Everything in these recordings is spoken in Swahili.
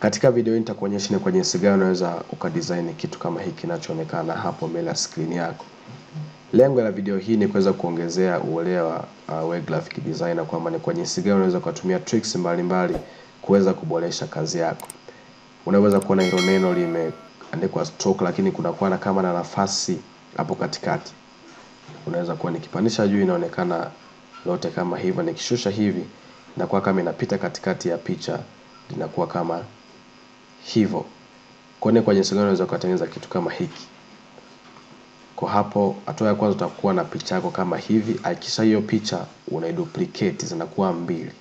Katika video hii nitakuonyesha ni kwa jinsi gani unaweza ukadesign kitu kama hiki kinachoonekana hapo mbele ya screen yako. Lengo la video hii ni kuweza kuongezea uelewa uh, wa graphic designer kwamba ni kwa jinsi gani unaweza kutumia tricks mbalimbali kuweza kuboresha kazi yako. Unaweza kuona hilo neno limeandikwa stroke, lakini kuna kuwa kama na nafasi hapo katikati. Unaweza kuwa nikipandisha juu inaonekana lote kama hivyo, nikishusha hivi na inakuwa kama inapita katikati ya picha, linakuwa kama hivyo kuone kwa jinsi gani unaweza kutengeneza kitu kama hiki kwa hapo hatua ya kwanza utakuwa na picha yako kama hivi akisha hiyo picha unaiduplicate zinakuwa mbili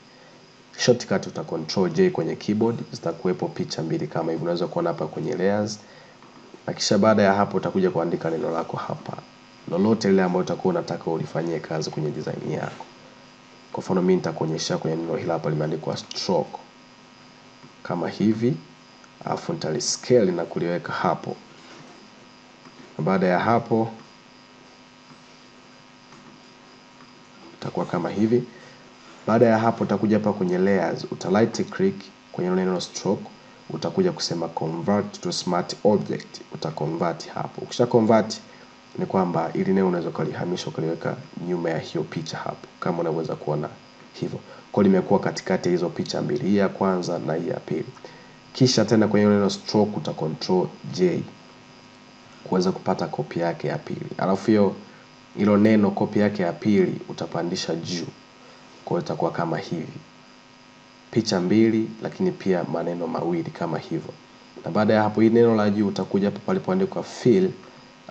shortcut uta control j kwenye keyboard zitakuwepo picha mbili kama hivi unaweza kuona hapa kwenye layers na kisha baada ya hapo utakuja kuandika neno lako hapa lolote lile ambalo utakuwa unataka ulifanyie kazi kwenye design yako kwa mfano mimi nitakuonyesha kwenye neno hili hapa limeandikwa stroke kama hivi alafu nitaliscale na kuliweka hapo. Baada ya hapo itakuwa kama hivi. Baada ya hapo utakuja hapa kwenye layers, uta right click kwenye neno stroke, utakuja kusema convert to smart object, uta convert hapo. Ukisha convert ni kwamba ili neno unaweza kulihamisha ukaliweka nyuma ya hiyo picha hapo, kama unaweza kuona hivyo. Kwa limekuwa katikati ya hizo picha mbili, hii ya kwanza na hii ya pili kisha tena kwenye neno stroke uta control j kuweza kupata kopi yake ya pili alafu hiyo hilo neno kopi yake ya pili utapandisha juu kwa itakuwa kama hivi picha mbili lakini pia maneno mawili kama hivyo na baada ya hapo hii neno la juu utakuja hapo palipoandikwa fill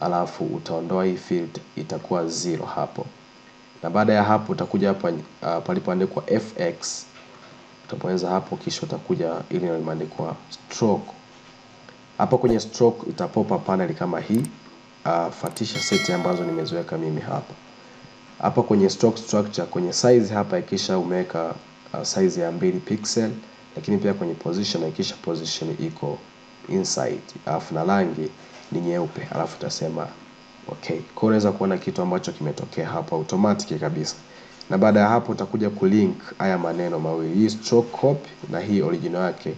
alafu utaondoa hii field itakuwa zero hapo na baada ya hapo utakuja hapa uh, palipoandikwa fx utabonyeza hapo kisha utakuja ile imeandikwa stroke hapa kwenye stroke itapopa panel kama hii uh, ah, fatisha seti ambazo nimeziweka mimi hapa hapa kwenye stroke structure kwenye size hapa ikisha umeweka uh, size ya mbili pixel lakini pia kwenye position ikisha position iko inside alafu na rangi ni nyeupe alafu utasema okay kwa unaweza kuona kitu ambacho kimetokea hapa automatic kabisa na baada ya hapo utakuja kulink haya maneno mawili hii stroke copy na hii original yake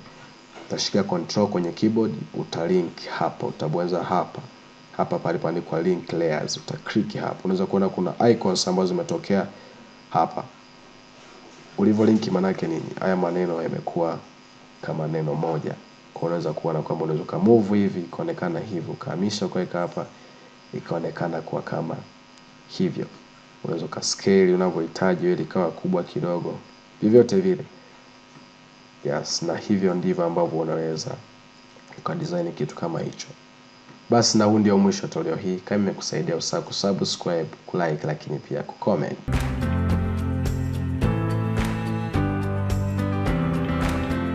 utashikia control kwenye keyboard utalink hapa utabonyeza hapa hapa palipoandikwa link layers utaklik hapa unaweza kuona kuna icons ambazo zimetokea hapa ulivyo link manake nini haya maneno yamekuwa kama neno moja kwa unaweza kuona kwamba unaweza ka move hivi ikaonekana hivyo ukahamisha ukaweka hapa ikaonekana kuwa kama hivyo unaweza ukaskeli unavyohitaji ili ikawa kubwa kidogo vyovyote vile yes na hivyo ndivyo ambavyo unaweza ukadesign kitu kama hicho basi na huu ndio mwisho toleo hii kama imekusaidia usaa kusubscribe kulike lakini pia kucomment